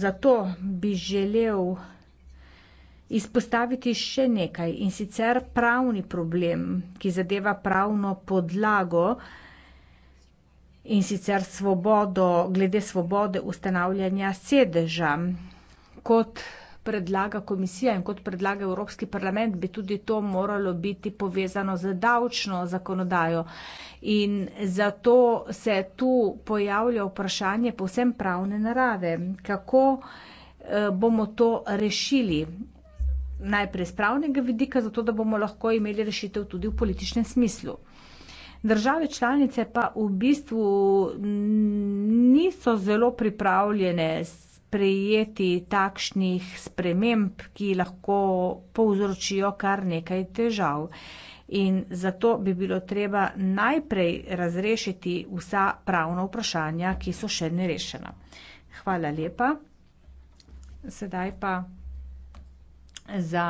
Zato bi želel izpostaviti še nekaj in sicer pravni problem, ki zadeva pravno podlago in sicer svobodo, glede svobode ustanavljanja sedeža. Kot predlaga komisija in kot predlaga Evropski parlament, bi tudi to moralo biti povezano z davčno zakonodajo. In zato se tu pojavlja vprašanje povsem pravne narave, kako eh, bomo to rešili najprej z pravnega vidika, zato da bomo lahko imeli rešitev tudi v političnem smislu. Države članice pa v bistvu niso zelo pripravljene s prijeti takšnih sprememb, ki lahko povzročijo kar nekaj težav. In zato bi bilo treba najprej razrešiti vsa pravna vprašanja, ki so še nerešena. Hvala lepa. Sedaj pa za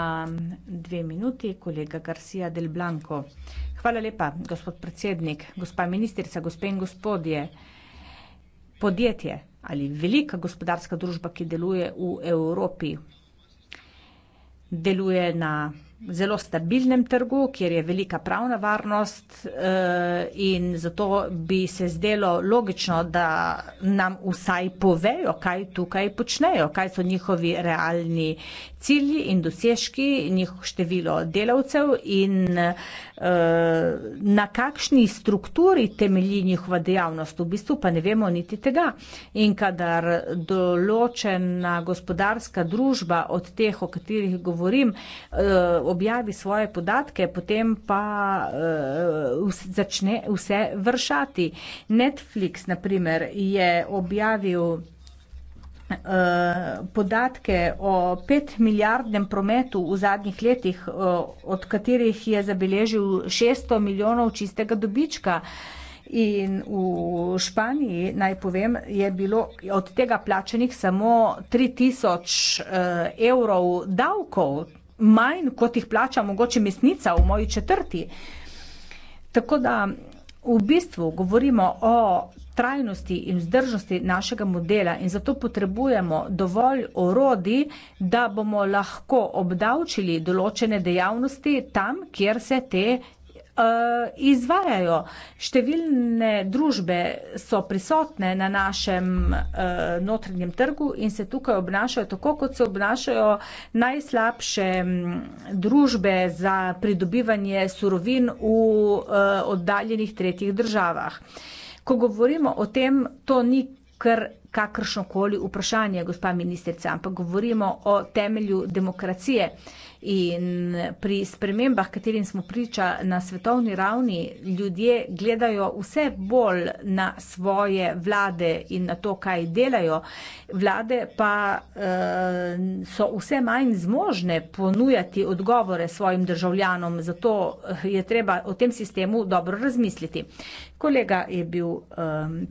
dve minuti kolega Garcia del Blanco. Hvala lepa, gospod predsednik, gospa ministrica, gospe in gospodje, podjetje ali velika gospodarska družba, ki deluje v Evropi, deluje na zelo stabilnem trgu, kjer je velika pravna varnost eh, in zato bi se zdelo logično, da nam vsaj povejo, kaj tukaj počnejo, kaj so njihovi realni cilji in dosežki, njihovo število delavcev in eh, na kakšni strukturi temelji njihova dejavnost. V bistvu pa ne vemo niti tega. In kadar določena gospodarska družba od teh, o katerih govorim, eh, objavi svoje podatke, potem pa uh, začne vse vršati. Netflix, naprimer, je objavil eh, podatke o 5 milijardnem prometu v zadnjih letih, eh, od katerih je zabeležil 600 milijonov čistega dobička. In v Španiji, naj povem, je bilo od tega plačenih samo 3000 evrov davkov, manj, kot jih plača mogoče mesnica v moji četrti. Tako da v bistvu govorimo o trajnosti in vzdržnosti našega modela in zato potrebujemo dovolj orodi, da bomo lahko obdavčili določene dejavnosti tam, kjer se te Eh, izvajajo. Številne družbe so prisotne na našem uh, notranjem trgu in se tukaj obnašajo tako, kot se obnašajo najslabše mm, družbe za pridobivanje surovin v uh, oddaljenih tretjih državah. Ko govorimo o tem, to ni kar kakršno koli vprašanje, gospa ministrica, ampak govorimo o temelju demokracije. In pri spremembah, katerim smo priča na svetovni ravni, ljudje gledajo vse bolj na svoje vlade in na to, kaj delajo. Vlade pa uh, so vse manj zmožne ponujati odgovore svojim državljanom, zato eh, je treba o tem sistemu dobro razmisliti. Kolega je bil um,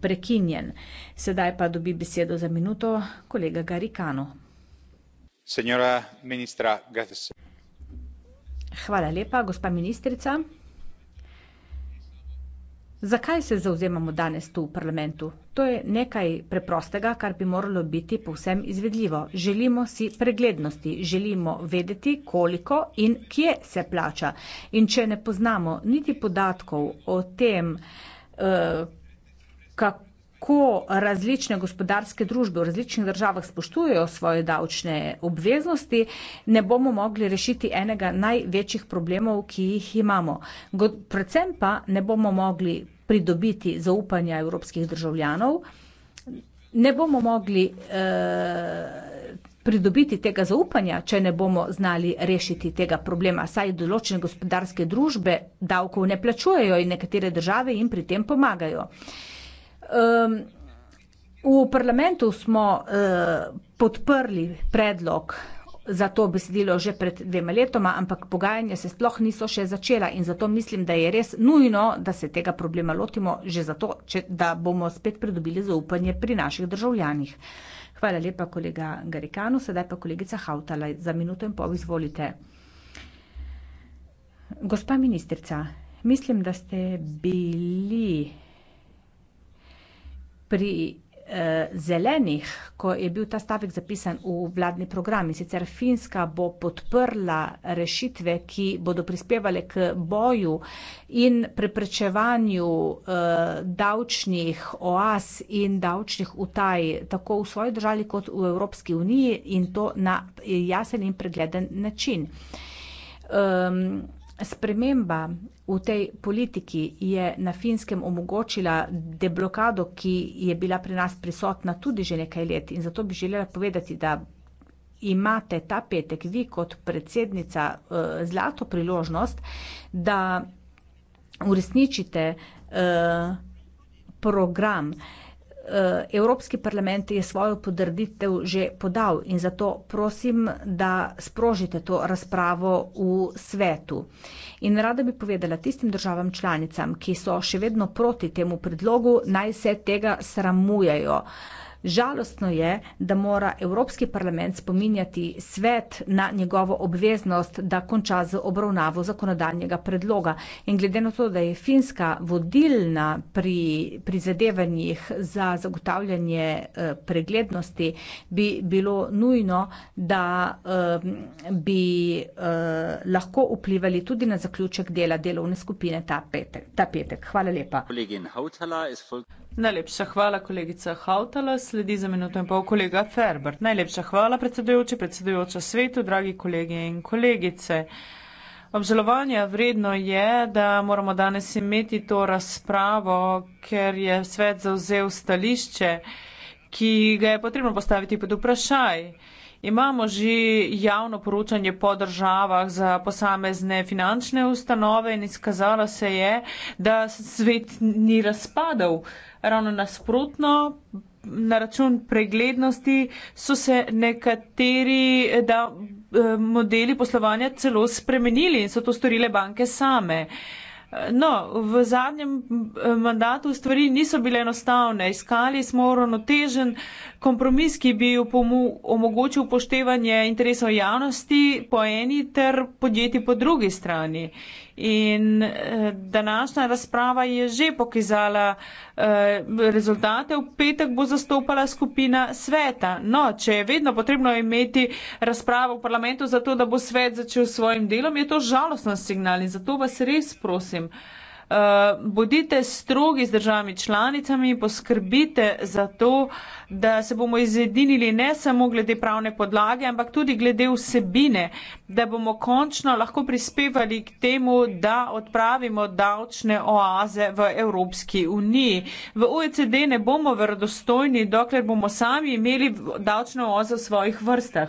prekinjen. Sedaj pa dobi besedo za minuto kolega Garikano. Senjora ministra Gates. Hvala lepa, gospa ministrica. Zakaj se zauzemamo danes tu v parlamentu? To je nekaj preprostega, kar bi moralo biti povsem izvedljivo. Želimo si preglednosti, želimo vedeti, koliko in kje se plača. In če ne poznamo niti podatkov o tem, uh, kako različne gospodarske družbe v različnih državah spoštujejo svoje davčne obveznosti, ne bomo mogli rešiti enega največjih problemov, ki jih imamo. Predvsem pa ne bomo mogli pridobiti zaupanja evropskih državljanov, ne bomo mogli eh, pridobiti tega zaupanja, če ne bomo znali rešiti tega problema. Saj določene gospodarske družbe davkov ne plačujejo in nekatere države jim pri tem pomagajo. Eh, V parlamentu smo eh, podprli predlog za to besedilo že pred dvema letoma, ampak pogajanja se sploh niso še začela in zato mislim, da je res nujno, da se tega problema lotimo že zato, če, da bomo spet pridobili zaupanje pri naših državljanih. Hvala lepa kolega Garikanu, sedaj pa kolegica Hautala za minuto in pol izvolite. Gospa ministrica, mislim, da ste bili pri eh, zelenih, ko je bil ta stavek zapisan v vladni program in sicer Finska bo podprla rešitve, ki bodo prispevale k boju in preprečevanju eh, davčnih oaz in davčnih utaj tako v svoji državi kot v Evropski uniji in to na jasen in pregleden način. Um, Sprememba v tej politiki je na finskem omogočila deblokado, ki je bila pri nas prisotna tudi že nekaj let in zato bi želela povedati, da imate ta petek vi kot predsednica eh, zlato priložnost, da uresničite eh, program, ki je vsega, Eh, Evropski parlament je svojo podrditev že podal in zato prosim, da sprožite to razpravo v svetu. In rada bi povedala tistim državam članicam, ki so še vedno proti temu predlogu, naj se tega sramujajo. Uh, Žalostno je, da mora Evropski parlament spominjati svet na njegovo obveznost, da konča z obravnavo zakonodajnega predloga. In glede na to, da je Finska vodilna pri prizadevanjih za zagotavljanje eh, preglednosti, bi bilo nujno, da eh, bi eh, lahko vplivali tudi na zaključek dela delovne skupine ta petek. Ta petek. Hvala lepa. Najlepša hvala, kolegica Hautala. Sledi za minuto in pol kolega Ferbert. Najlepša hvala, predsedujoči, predsedujoča svetu, dragi kolegi in kolegice. Obžalovanja vredno je, da moramo danes imeti to razpravo, ker je svet zauzel stališče, ki ga je potrebno postaviti pod vprašaj. Imamo že javno poročanje po državah za posamezne finančne ustanove in izkazalo se je, da svet ni razpadal. Ravno nasprotno, na račun preglednosti so se nekateri da, eh, modeli poslovanja celo spremenili in so to storile banke same. Uh, No, v zadnjem eh, mandatu stvari niso bile enostavne. Iskali smo uravnotežen kompromis, ki bi omogočil upoštevanje interesov javnosti po eni ter podjetij po drugi strani. In eh, današnja razprava je že pokazala eh, rezultate. V petek bo zastopala skupina sveta. No, če je vedno potrebno imeti razpravo v parlamentu za to, da bo svet začel s svojim delom, je to žalostna signal in zato vas res prosim. Eh, bodite strogi z državami članicami, poskrbite za to, da se bomo izjedinili ne samo glede pravne podlage, ampak tudi glede vsebine, da bomo končno lahko prispevali k temu, da odpravimo davčne oaze v Evropski uniji. V OECD ne bomo verodostojni, dokler bomo sami imeli davčne oaze v svojih vrstah.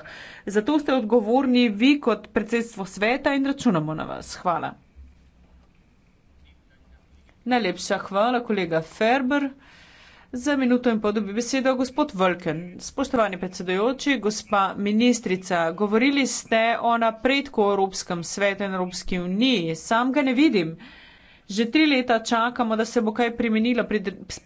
Zato ste odgovorni vi kot predsedstvo sveta in računamo na vas. Hvala. Najlepša hvala, kolega Ferber. Za minuto in pol dobi besedo gospod Vlken. Spoštovani predsedojoči, gospa ministrica, govorili ste o napredku v Evropskem svetu in Evropski uniji. Sam ga ne vidim. Že tri leta čakamo, da se bo kaj premenilo, pri,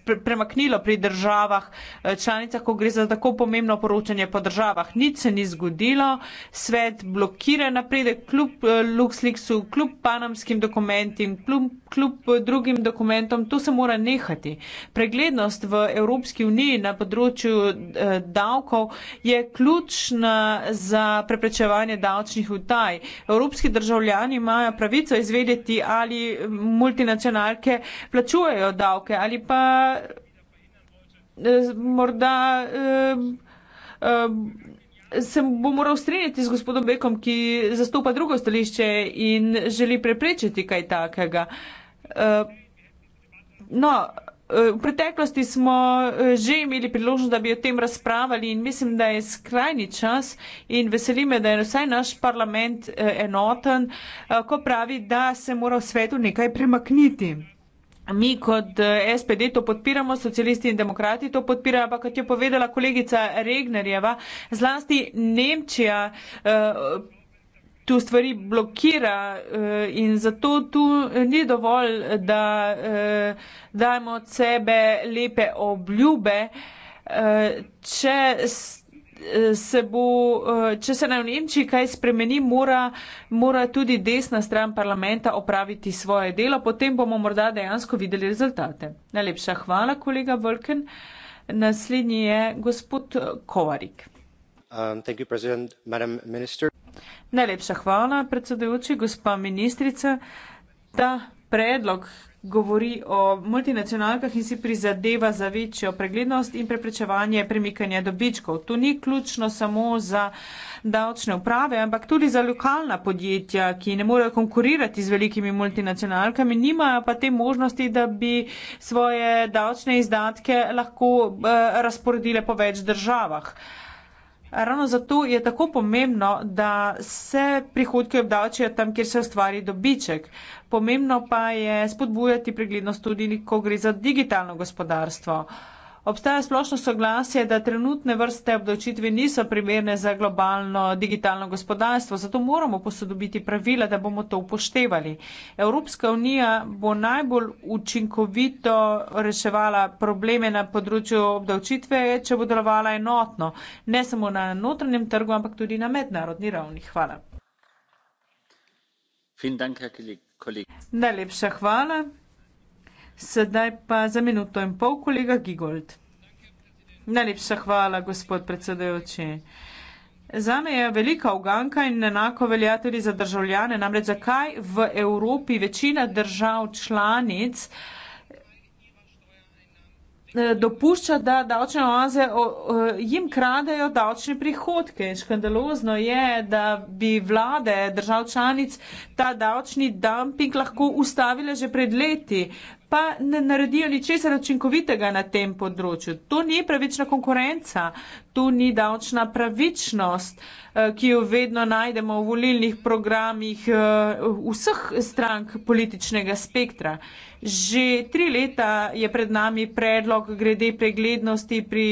pre, premaknilo pri državah, eh, članicah, ko gre za tako pomembno poročanje po državah. Nič se ni zgodilo, svet blokira napredek kljub eh, Luxleaksu, kljub panamskim dokumentim, kljub kljub drugim dokumentom, to se mora nehati. Preglednost v Evropski uniji na področju eh, davkov je ključna za preprečevanje davčnih utaj. Evropski državljani imajo pravico izvedeti, ali multinacionalke plačujejo davke ali pa eh, morda. Eh, eh, se bo moral strinjati z gospodom Bekom, ki zastopa drugo stališče in želi preprečiti kaj takega. Eh, no, eh, v preteklosti smo eh, že imeli priložnost, da bi o tem razpravljali in mislim, da je skrajni čas in veseli me, da je vsaj naš parlament enoten, ko pravi, da se mora v svetu nekaj premakniti. Mi kot eh, SPD to podpiramo, socialisti in demokrati to podpirajo, ampak kot je povedala kolegica Regnerjeva, zlasti Nemčija eh, tu stvari blokira eh, in zato tu ni dovolj, da dajmo od sebe lepe obljube, če se bo, eh, če se naj v Nemčiji kaj spremeni, mora, mora tudi desna stran parlamenta opraviti svoje delo, potem bomo morda dejansko videli rezultate. Najlepša hvala, kolega Vlken. Naslednji je gospod Kovarik. Um, Najlepša hvala, predsedujoči, gospa ministrica. Ta predlog, govori o multinacionalkah in si prizadeva za večjo preglednost in preprečevanje premikanja dobičkov. To ni ključno samo za davčne uprave, ampak tudi za lokalna podjetja, ki ne morejo konkurirati z velikimi multinacionalkami, nimajo pa te možnosti, da bi svoje davčne izdatke lahko eh, razporedile po več državah ravno zato je tako pomembno, da se prihodke obdavčijo tam, kjer se ustvari dobiček. Pomembno pa je spodbujati preglednost tudi, ko gre za digitalno gospodarstvo. Uh, Obstaja splošno soglasje, da trenutne vrste obdavčitve niso primerne za globalno digitalno gospodarstvo, zato moramo posodobiti pravila, da bomo to upoštevali. Evropska unija bo najbolj učinkovito reševala probleme na področju obdavčitve, če bo delovala enotno, ne samo na notranjem trgu, ampak tudi na mednarodni ravni. Hvala. Najlepša hvala. Sedaj pa za minuto in pol kolega Gigold. Najlepša hvala, gospod predsedujoči. Zame je velika uganka in enako velja tudi za državljane. Namreč zakaj v Evropi večina držav članic eh, dopušča, da davčne oaze jim kradejo davčne prihodke. Škandalozno je, da bi vlade držav članic ta davčni dumping lahko ustavile že pred leti pa ne naredijo ničesar učinkovitega na tem področju. To ni pravična konkurenca, to ni davčna pravičnost, eh, ki jo vedno najdemo v volilnih programih eh, vseh strank političnega spektra. Že tri leta je pred nami predlog glede preglednosti pri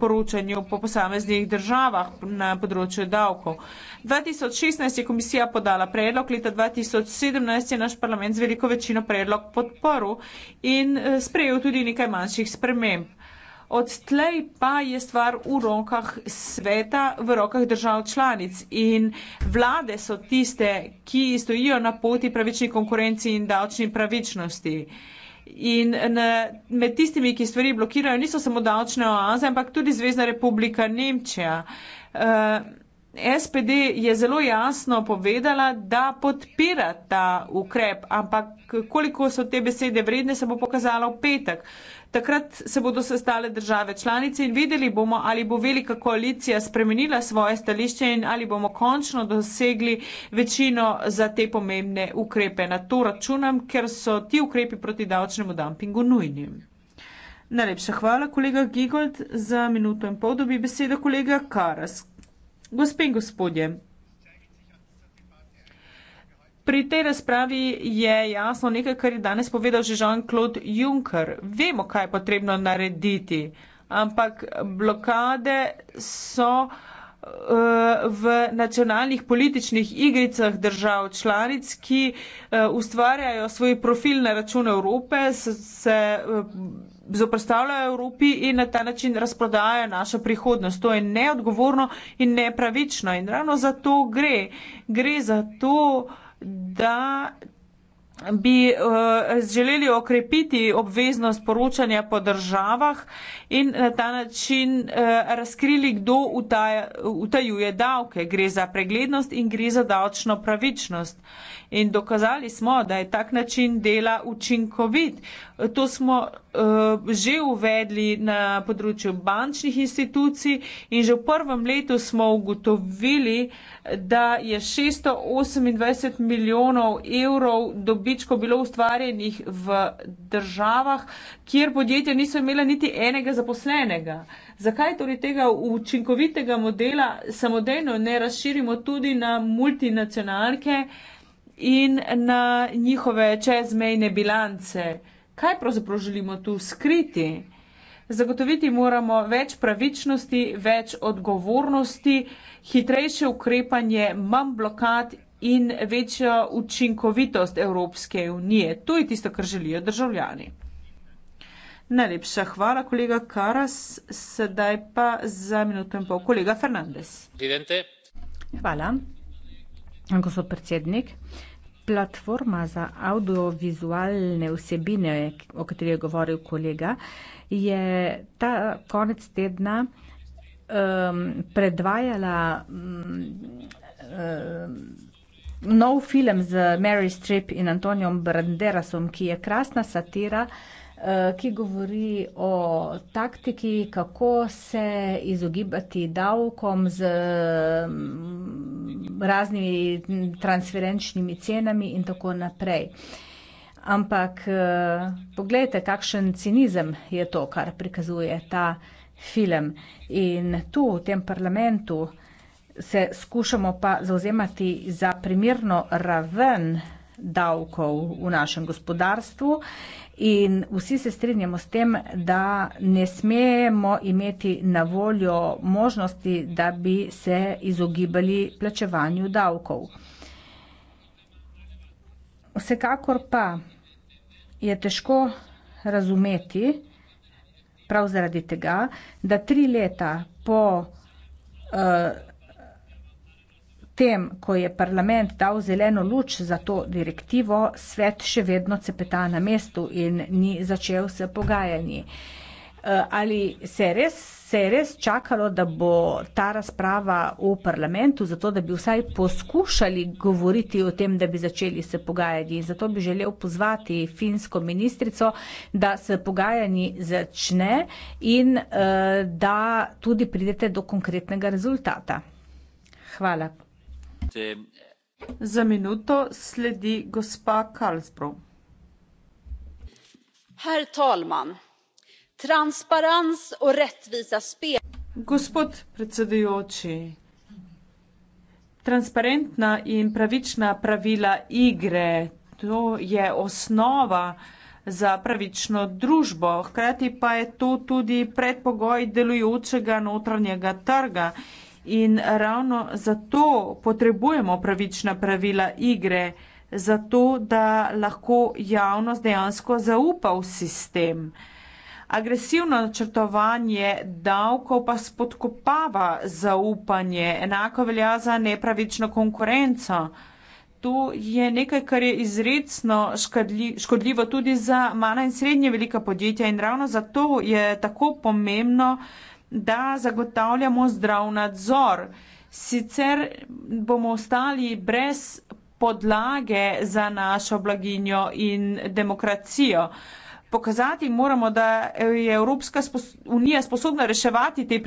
poročanju po posameznih državah na področju davkov. 2016 je komisija podala predlog, leta 2017 je naš parlament z veliko večino predlog podporil in eh, sprejel tudi nekaj manjših sprememb. Od tlej pa je stvar v rokah sveta, v rokah držav članic in vlade so tiste, ki stojijo na poti pravični konkurenci in davčni pravičnosti. In na, med tistimi, ki stvari blokirajo, niso samo davčne oaze, ampak tudi Zvezdna republika Nemčija. Uh, eh, SPD je zelo jasno povedala, da podpira ta ukrep, ampak koliko so te besede vredne, se bo pokazalo v petek. Uh, Takrat se bodo sestale države članice in videli bomo, ali bo velika koalicija spremenila svoje stališče in ali bomo končno dosegli večino za te pomembne ukrepe. Na to računam, ker so ti ukrepi proti davčnemu dumpingu nujni. Najlepša hvala, kolega Gigold, za minuto in pol dobi besedo kolega Karas. Gospe in gospodje, Pri tej razpravi je jasno nekaj, kar je danes povedal že Jean-Claude Juncker. Vemo, kaj je potrebno narediti, ampak blokade so uh, v nacionalnih političnih igricah držav članic, ki uh, ustvarjajo svoj profil na račun Evrope, se, se uh, zoprstavljajo Evropi in na ta način razprodajajo našo prihodnost. To je neodgovorno in nepravično in ravno za to gre. Gre za to, da bi uh, želeli okrepiti obveznost poročanja po državah in na ta način uh, razkrili, kdo utaja, utajuje davke. Gre za preglednost in gre za davčno pravičnost. In dokazali smo, da je tak način dela učinkovit. To smo Eh, že uvedli na področju bančnih institucij in že v prvem letu smo ugotovili, da je 628 milijonov evrov dobičko bilo ustvarjenih v državah, kjer podjetja niso imela niti enega zaposlenega. Zakaj torej tega učinkovitega modela samodejno ne razširimo tudi na multinacionalke in na njihove čezmejne bilance? kaj pravzaprav želimo tu skriti. Zagotoviti moramo več pravičnosti, več odgovornosti, hitrejše ukrepanje, manj blokad in večjo učinkovitost Evropske unije. To je tisto, kar želijo državljani. Najlepša hvala, kolega Karas. Sedaj pa za minuto in pol kolega Fernandez. Hvala, gospod predsednik. Uh, Platforma za audiovizualne vsebine, o kateri je govoril kolega, je ta konec tedna um, predvajala um, um nov film z Mary Strip in Antonijom Branderasom, ki je krasna satira. Eh, ki govori o taktiki, kako se izogibati davkom z mm, raznimi transferenčnimi cenami in tako naprej. Ampak eh, poglejte, kakšen cinizem je to, kar prikazuje ta film. In tu, v tem parlamentu, se skušamo pa zauzemati za primirno raven davkov v našem gospodarstvu. In vsi se strinjamo s tem, da ne smemo imeti na voljo možnosti, da bi se izogibali plačevanju davkov. Vsekakor pa je težko razumeti, prav zaradi tega, da tri leta po uh, tem, ko je parlament dal zeleno luč za to direktivo, svet še vedno cepeta na mestu in ni začel se pogajanji. Eh, ali se je res, se je res čakalo, da bo ta razprava v parlamentu, zato da bi vsaj poskušali govoriti o tem, da bi začeli se pogajati? Zato bi želel pozvati finsko ministrico, da se pogajanji začne in eh, da tudi pridete do konkretnega rezultata. Hvala. Herr talman! Transparens och rättvisa spelregler. Gospod predsedujoči, transparentna in pravična pravila igre, to je osnova za pravično družbo, hkrati pa je to tudi predpogoj delujočega notranjega trga. In ravno zato potrebujemo pravična pravila igre, zato da lahko javnost dejansko zaupa v sistem. Agresivno načrtovanje davkov pa spodkopava zaupanje, enako velja za nepravično konkurenco. To je nekaj, kar je izredno škodljivo tudi za mala in srednje velika podjetja in ravno zato je tako pomembno, da zagotavljamo zdrav nadzor. Sicer bomo ostali brez podlage za našo blaginjo in demokracijo. Pokazati moramo, da je Evropska unija sposobna reševati te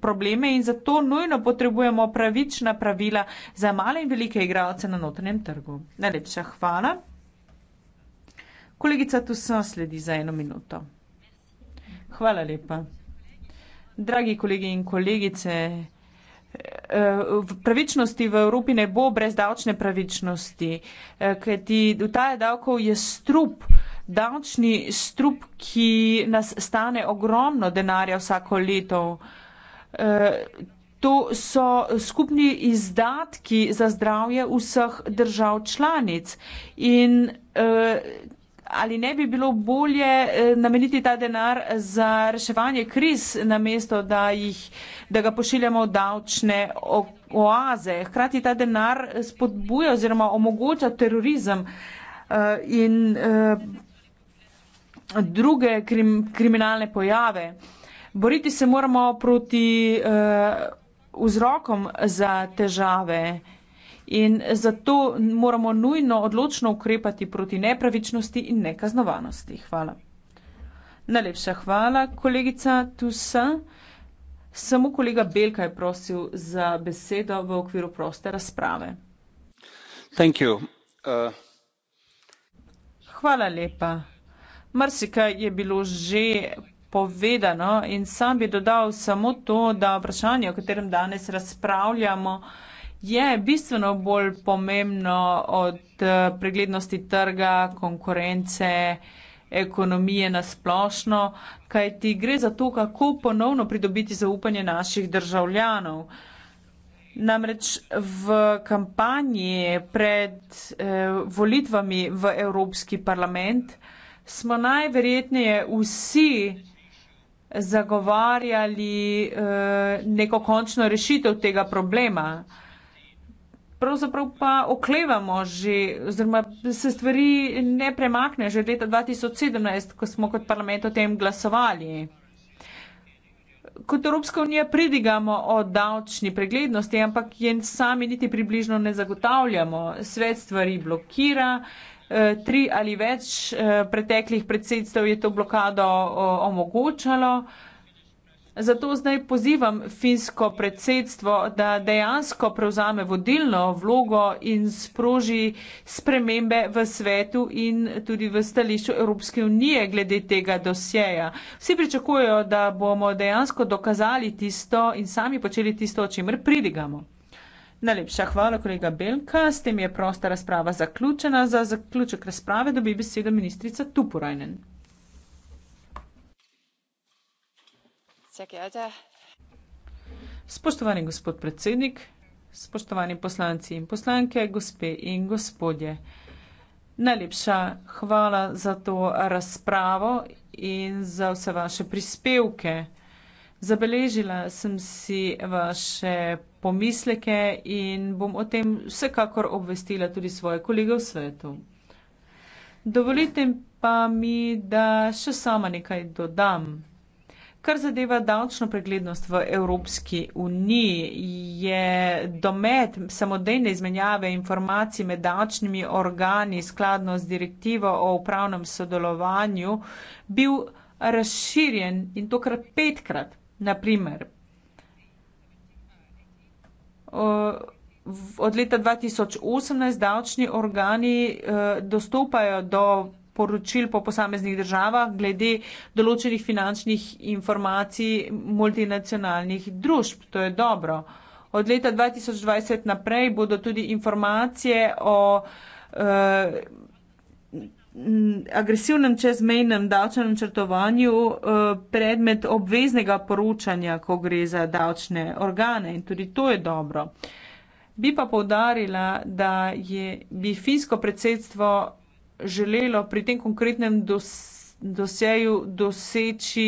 probleme in zato nujno potrebujemo pravična pravila za male in velike igralce na notranjem trgu. Najlepša hvala. Kolegica, tu sem sledi za eno minuto. Hvala lepa. Dragi kolegi in kolegice, eh, pravičnosti v Evropi ne bo brez davčne pravičnosti, eh, ker ti utaja davkov je strup, davčni strup, ki nas stane ogromno denarja vsako leto. Eh, to so skupni izdatki za zdravje vseh držav članic in ali ne bi bilo bolje eh, nameniti ta denar za reševanje kriz, namesto da, jih, da ga pošiljamo v davčne oaze. Hkrati ta denar spodbuja oziroma omogoča terorizem eh, in eh, druge krim, kriminalne pojave. Boriti se moramo proti uh, vzrokom za težave. In zato moramo nujno odločno ukrepati proti nepravičnosti in nekaznovanosti. Hvala. Najlepša hvala, kolegica Tusa. Samo kolega Belka je prosil za besedo v okviru proste razprave. Thank you. Uh... Hvala lepa. Mrsikaj je bilo že povedano in sam bi dodal samo to, da vprašanje, o katerem danes razpravljamo, je bistveno bolj pomembno od eh, preglednosti trga, konkurence, ekonomije na splošno, kaj ti gre za to, kako ponovno pridobiti zaupanje naših državljanov. Namreč v kampanji pred eh, volitvami v Evropski parlament smo najverjetneje vsi zagovarjali eh, neko končno rešitev tega problema. Eh, pravzaprav pa oklevamo že, oziroma se stvari ne premaknejo že od leta 2017, ko smo kot parlament o tem glasovali. Kot Evropska unija pridigamo o davčni preglednosti, ampak jen sami niti približno ne zagotavljamo. Svet stvari blokira, eh, tri ali več eh, preteklih predsedstev je to blokado eh, omogočalo. Zato zdaj pozivam finsko predsedstvo, da dejansko prevzame vodilno vlogo in sproži spremembe v svetu in tudi v stališču Evropske unije glede tega dosjeja. Vsi pričakujejo, da bomo dejansko dokazali tisto in sami počeli tisto, o čemer pridigamo. Najlepša hvala, kolega Belka. S tem je prosta razprava zaključena. Za zaključek razprave dobi besedo ministrica Tupurajnen. sehr geehrte Spoštovani gospod predsednik, spoštovani poslanci in poslanke, gospe in gospodje. Najlepša hvala za to razpravo in za vse vaše prispevke. Zabeležila sem si vaše pomisleke in bom o tem vsekakor obvestila tudi svoje kolege v svetu. Dovolite pa mi, da še sama nekaj dodam. Kar zadeva davčno preglednost v Evropski uniji, je domet samodejne izmenjave informacij med davčnimi organi skladno z direktivo o upravnem sodelovanju bil razširjen in to kar petkrat, naprimer. Od leta 2018 davčni organi eh, dostopajo do poročil po posameznih državah glede določenih finančnih informacij multinacionalnih družb. To je dobro. Od leta 2020 naprej bodo tudi informacije o eh, agresivnem čezmejnem davčnem črtovanju eh, predmet obveznega poročanja, ko gre za davčne organe in tudi to je dobro. Bi pa povdarila, da je, bi finsko predsedstvo želelo pri tem konkretnem dosjeju doseči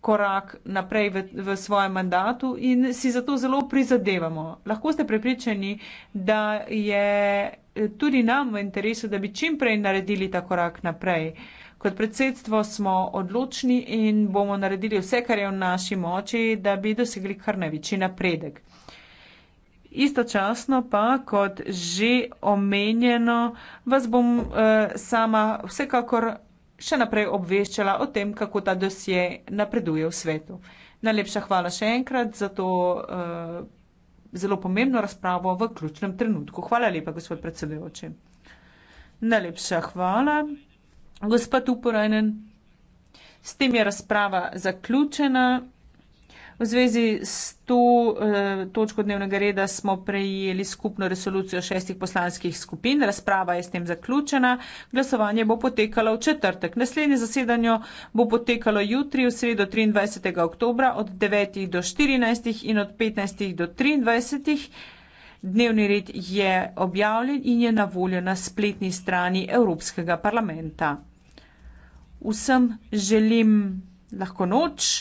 korak naprej v, v svojem mandatu in si zato zelo prizadevamo. Lahko ste prepričani, da je eh, tudi nam v interesu, da bi čim prej naredili ta korak naprej. Kot predsedstvo smo odločni in bomo naredili vse, kar je v naši moči, da bi dosegli kar največji napredek. Istočasno pa, kot že omenjeno, vas bom eh, sama vsekakor še naprej obveščala o tem, kako ta dosje napreduje v svetu. Najlepša hvala še enkrat za to eh, zelo pomembno razpravo v ključnem trenutku. Hvala lepa, gospod predsedujoči. Najlepša hvala, gospod Uporajnen. S tem je razprava zaključena. V zvezi s to eh, točko dnevnega reda smo prejeli skupno resolucijo šestih poslanskih skupin. Razprava je s tem zaključena. Glasovanje bo potekalo v četrtek. Naslednje zasedanje bo potekalo jutri v sredo 23. oktobra od 9. do 14. in od 15. do 23. Dnevni red je objavljen in je na voljo na spletni strani Evropskega parlamenta. Vsem želim lahko noč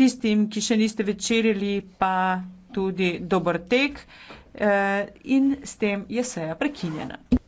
tistim, ki še niste večerjali, pa tudi dober tek. Eh, in s tem je seja prekinjena.